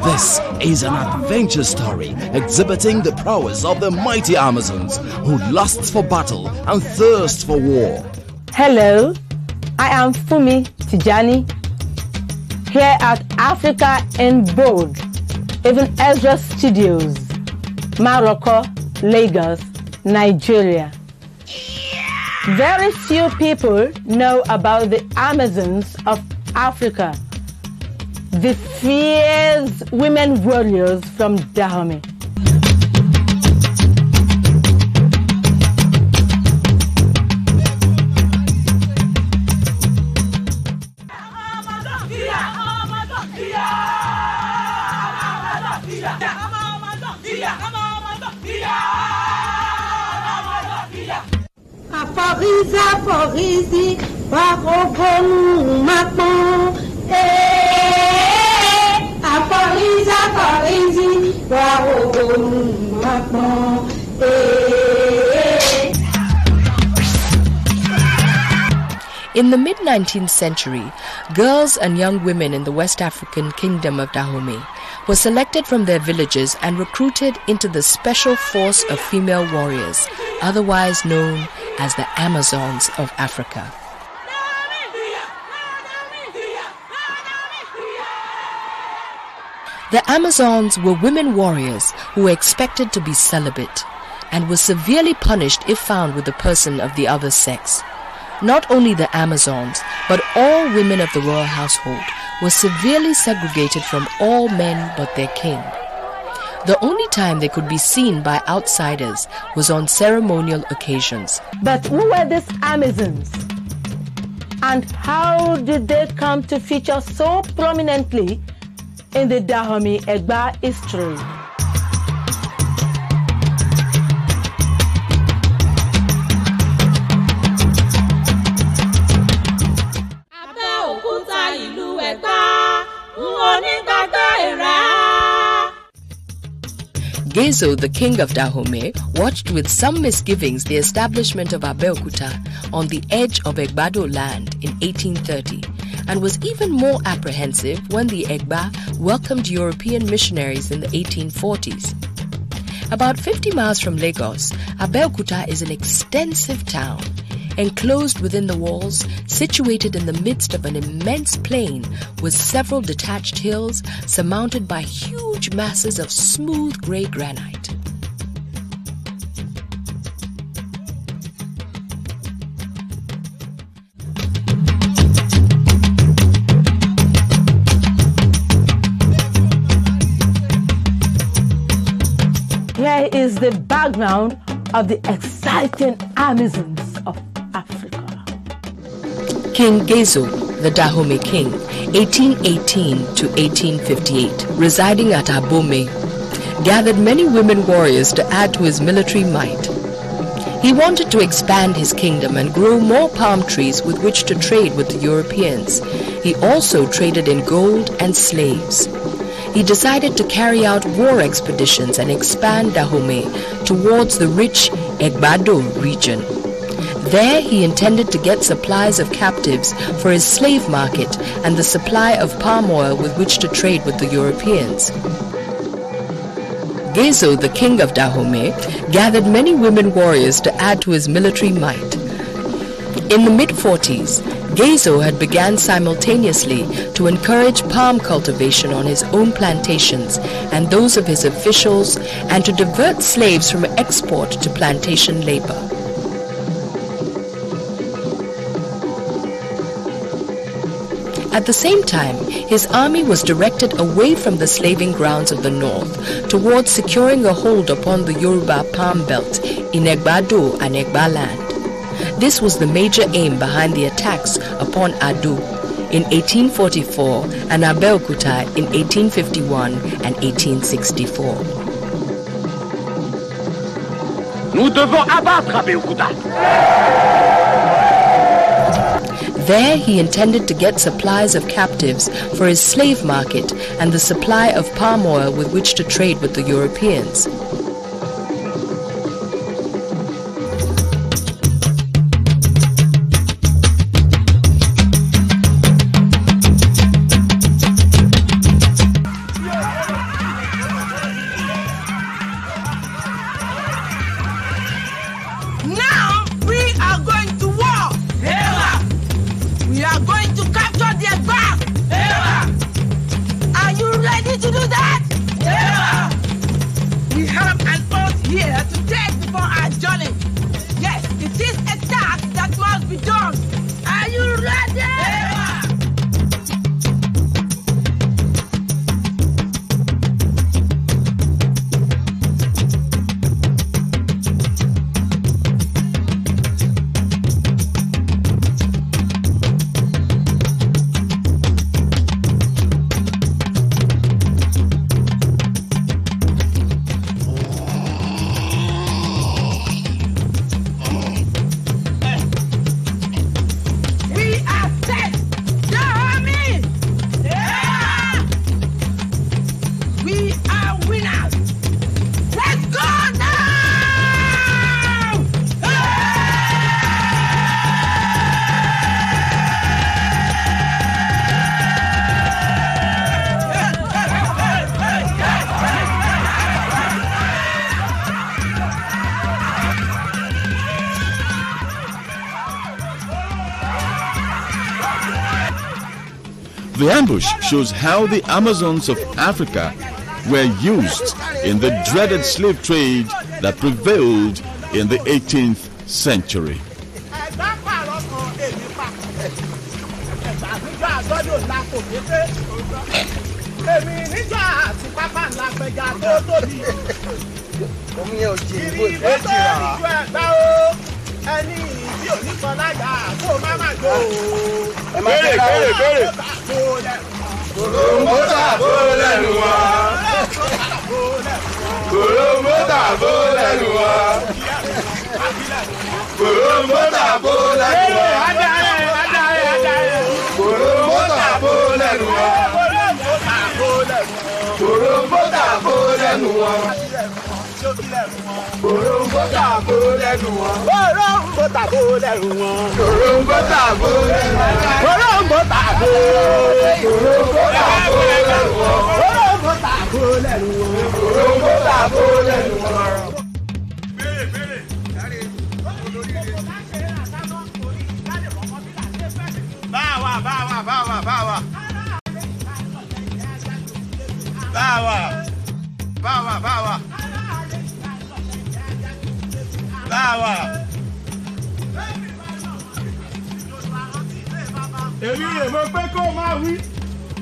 This is an adventure story exhibiting the prowess of the mighty Amazons who lusts for battle and thirst for war. Hello, I am Fumi Tijani here at Africa in Bold, even Ezra Studios, Morocco, Lagos, Nigeria. Very few people know about the Amazons of Africa, the fierce women warriors from Dahomey. maintenant Eh maintenant eh. In the mid 19th century, girls and young women in the West African kingdom of Dahomey were selected from their villages and recruited into the special force of female warriors, otherwise known as the Amazons of Africa. The Amazons were women warriors who were expected to be celibate and were severely punished if found with a person of the other sex. Not only the Amazons, but all women of the royal household were severely segregated from all men but their king. The only time they could be seen by outsiders was on ceremonial occasions. But who were these Amazons? And how did they come to feature so prominently in the Dahomey Egba history? Gezo, the king of Dahomey, watched with some misgivings the establishment of Abeokuta on the edge of Egbado land in 1830 and was even more apprehensive when the Egba welcomed European missionaries in the 1840s. About 50 miles from Lagos, Abeokuta is an extensive town Enclosed within the walls, situated in the midst of an immense plain, was several detached hills surmounted by huge masses of smooth grey granite. Here is the background of the exciting Amazons. King Gezo, the Dahomey King, 1818 to 1858, residing at Abome, gathered many women warriors to add to his military might. He wanted to expand his kingdom and grow more palm trees with which to trade with the Europeans. He also traded in gold and slaves. He decided to carry out war expeditions and expand Dahomey towards the rich Egbado region. There he intended to get supplies of captives for his slave market and the supply of palm oil with which to trade with the Europeans. Gezo, the king of Dahomey, gathered many women warriors to add to his military might. In the mid-40s, Gezo had begun simultaneously to encourage palm cultivation on his own plantations and those of his officials and to divert slaves from export to plantation labor. At the same time, his army was directed away from the slaving grounds of the north towards securing a hold upon the Yoruba palm belt in Egbado and Egba land. This was the major aim behind the attacks upon Adu in 1844 and Abeokuta in 1851 and 1864. Nous devons abattre Abeokuta! There he intended to get supplies of captives for his slave market and the supply of palm oil with which to trade with the Europeans. the Haram and Oath here to take before our journey. Yes, it is a task that must be done The ambush shows how the Amazons of Africa were used in the dreaded slave trade that prevailed in the 18th century. ẹ kan ko jẹ́ Kòròǹgbó tàbó lẹ́nu wa. Kòròǹgbó tàbó lẹ́nu wa. Kòròǹgbó tàbó lẹ́nu wa. Kòròǹgbó tàbó lẹ́nu wa. Kòròǹgbó tàbó lẹ́nu wa ṣókílẹ̀ fún wọn. Òrò ń bó tàbó Báwa báwa báwa. àwà. èmi rè mo pé kó máa wí.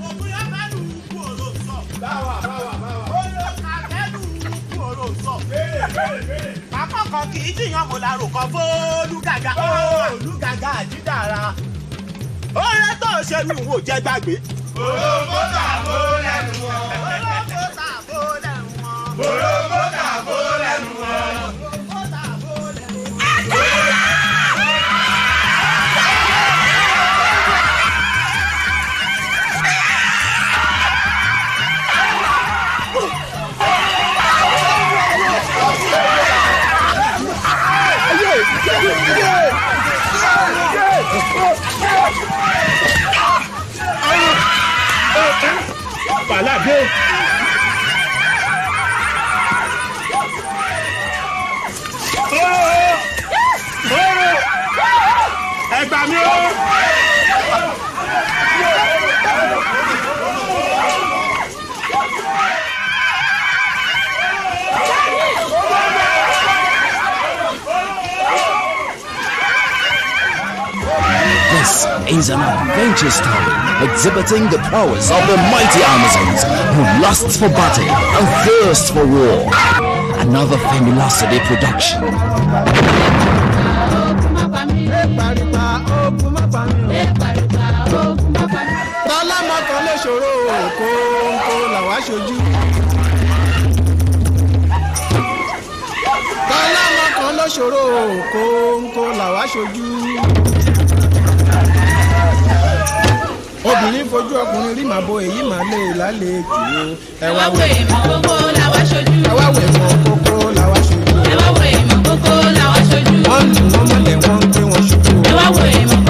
òkúrẹ́ bẹ́ẹ̀lú ikú òró sọ. báwa báwa báwa. olóka bẹ́ẹ̀lú ikú òró sọ. béèrè béèrè béèrè. akọ́kọ́ kì í jiyàn mo la ròkàn fóólùgàgà. fóólùgàgà ó rẹ́ tó ṣe mi wò jẹ́ gbàgbé. òrò tà mọ́ lẹ́nu wọn. adventures story exhibiting the prowess of the mighty Amazons who lusts for battle and thirst for war. Another Familacity production. tọ́lámọ́tọ́ lè ṣòro kóńkó làwa ṣojú. tọ́lámọ́tọ́ lè ṣòro kóńkó làwa ṣojú obìnrin fojú ọkùnrin rí màbo èyí màá lè e lálẹ́ jù ú. ẹ wá wẹ̀ mọ́ kókó làwa ṣojú. ẹ wá wẹ̀ mọ́ kókó làwa ṣojú. ẹ wá wẹ̀ mọ́ kókó làwa ṣojú. wọ́n lù wọ́n mọ́lẹ̀ wọ́n ń gbé wọn ṣubú. ẹ wá wẹ̀ mọ́ kókó.